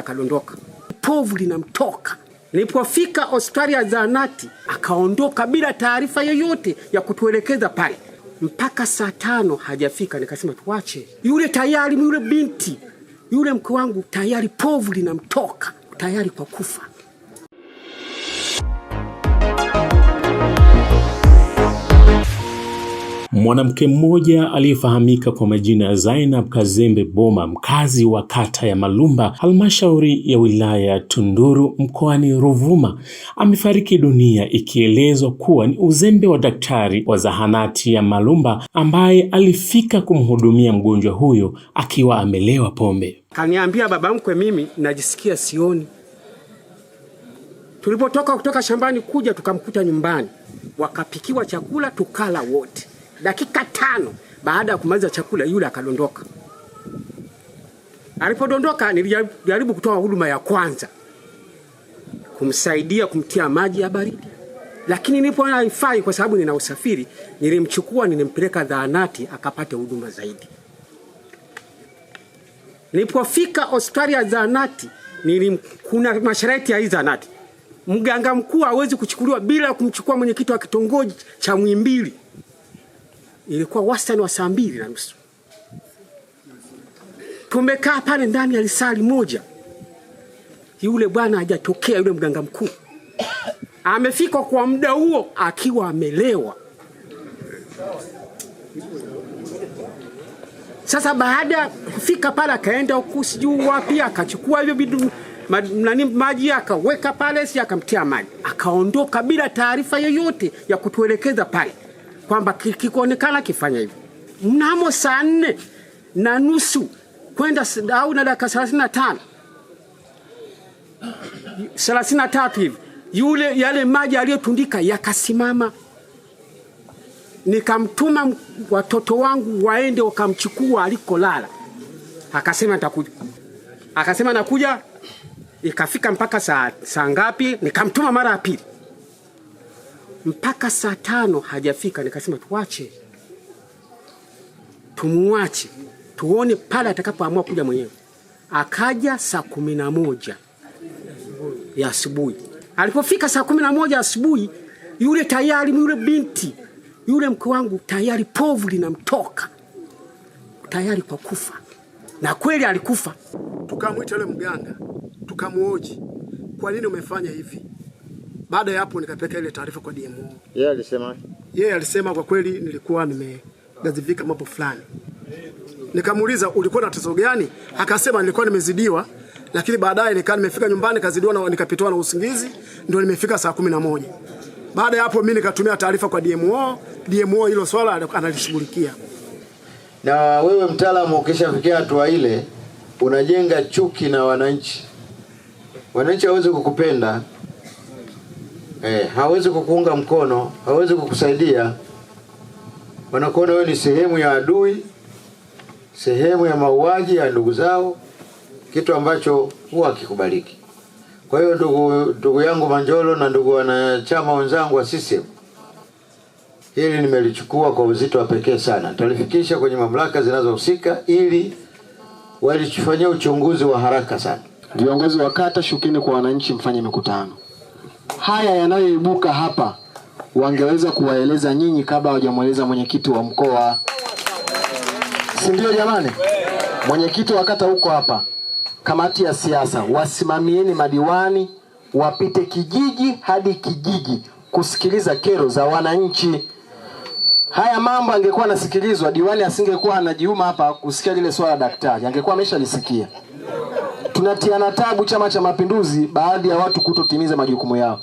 Akadondoka, povu linamtoka. Nilipofika hospitali ya zahanati, akaondoka bila taarifa yoyote ya kutuelekeza pale. Mpaka saa tano hajafika, nikasema tuache yule. Tayari yule binti yule mke wangu tayari povu linamtoka tayari kwa kufa. Mwanamke mmoja aliyefahamika kwa majina Zainab Kazembe Boma, mkazi wa kata ya Malumba, halmashauri ya wilaya ya Tunduru, mkoani Ruvuma, amefariki dunia, ikielezwa kuwa ni uzembe wa daktari wa zahanati ya Malumba ambaye alifika kumhudumia mgonjwa huyo akiwa amelewa pombe. Kaniambia baba mkwe, mimi najisikia sioni. Tulipotoka kutoka shambani kuja tukamkuta nyumbani, wakapikiwa chakula tukala wote dakika tano baada ya kumaliza chakula yule akadondoka. Alipodondoka nilijaribu kutoa huduma ya kwanza kumsaidia kumtia maji ya baridi, lakini nilipoona haifai kwa sababu nina usafiri, nilimchukua nilimpeleka zahanati akapate huduma zaidi. Nilipofika hospitali ya zahanati nilim, kuna masharti ya hii zahanati, mganga mkuu hawezi kuchukuliwa bila kumchukua mwenyekiti wa kitongoji cha Mwimbili ilikuwa wastani wa saa mbili na nusu. Tumekaa pale ndani ya lisali moja, yule bwana hajatokea. Yule mganga mkuu amefika kwa muda huo akiwa amelewa. Sasa baada ya kufika pale, akaenda huku sijuu wapi, akachukua hivyo vitu nani maji akaweka pale, si akamtia maji, akaondoka bila taarifa yoyote ya kutuelekeza pale kwamba kikuonekana kifanya hivyo mnamo saa nne na nusu kwenda au na dakika thelathini na tano thelathini na tatu hivi yule yale maji aliyotundika yakasimama. Nikamtuma watoto wangu waende wakamchukua alikolala, akasema nitakuja, akasema nakuja. Ikafika mpaka saa, saa ngapi, nikamtuma mara ya pili mpaka saa tano hajafika, nikasema tuache, tumuache tuone pale atakapoamua kuja mwenyewe. Akaja saa kumi na moja ya asubuhi. Alipofika saa kumi na moja asubuhi, yule tayari yule binti yule mke wangu tayari povu linamtoka tayari kwa kufa, na kweli alikufa. Tukamwita yule mganga, tukamuoji, kwa nini umefanya hivi? Baada ya hapo nikapeka ile taarifa kwa DMO. Yeye alisema yeye alisema kwa kweli nilikuwa nimegazivika mambo fulani. Nikamuuliza ulikuwa na tatizo gani? Akasema nilikuwa nimezidiwa, lakini baadaye nika nimefika nyumbani kazidiwa na nikapitwa na usingizi, ndio nimefika saa kumi na moja. Baada ya hapo mimi nikatumia taarifa kwa DMO, DMO hilo swala analishughulikia. Na wewe mtaalamu, ukishafikia hatua ile unajenga chuki na wananchi, wananchi hawezi kukupenda eh, hawezi kukuunga mkono, hawezi kukusaidia, wanakuona wewe ni sehemu ya adui, sehemu ya mauaji ya ndugu zao, kitu ambacho huwa hakikubaliki. Kwa hiyo ndugu, ndugu yangu Manjolo na ndugu wanachama wenzangu wa CCM, hili nimelichukua kwa uzito wa pekee sana. Tutalifikisha kwenye mamlaka zinazohusika ili walifanyia uchunguzi wa haraka sana. Viongozi wa kata, shukini kwa wananchi, mfanye mikutano haya yanayoibuka hapa wangeweza kuwaeleza nyinyi kabla hawajamweleza mwenyekiti wa mkoa, si ndio? Jamani, mwenyekiti wa kata huko hapa, kamati ya siasa, wasimamieni madiwani wapite kijiji hadi kijiji kusikiliza kero za wananchi. Haya mambo angekuwa anasikilizwa, diwani asingekuwa anajiuma hapa kusikia lile swala daktari, angekuwa ameshalisikia kinatiana tabu Chama cha Mapinduzi baadhi ya watu kutotimiza majukumu yao.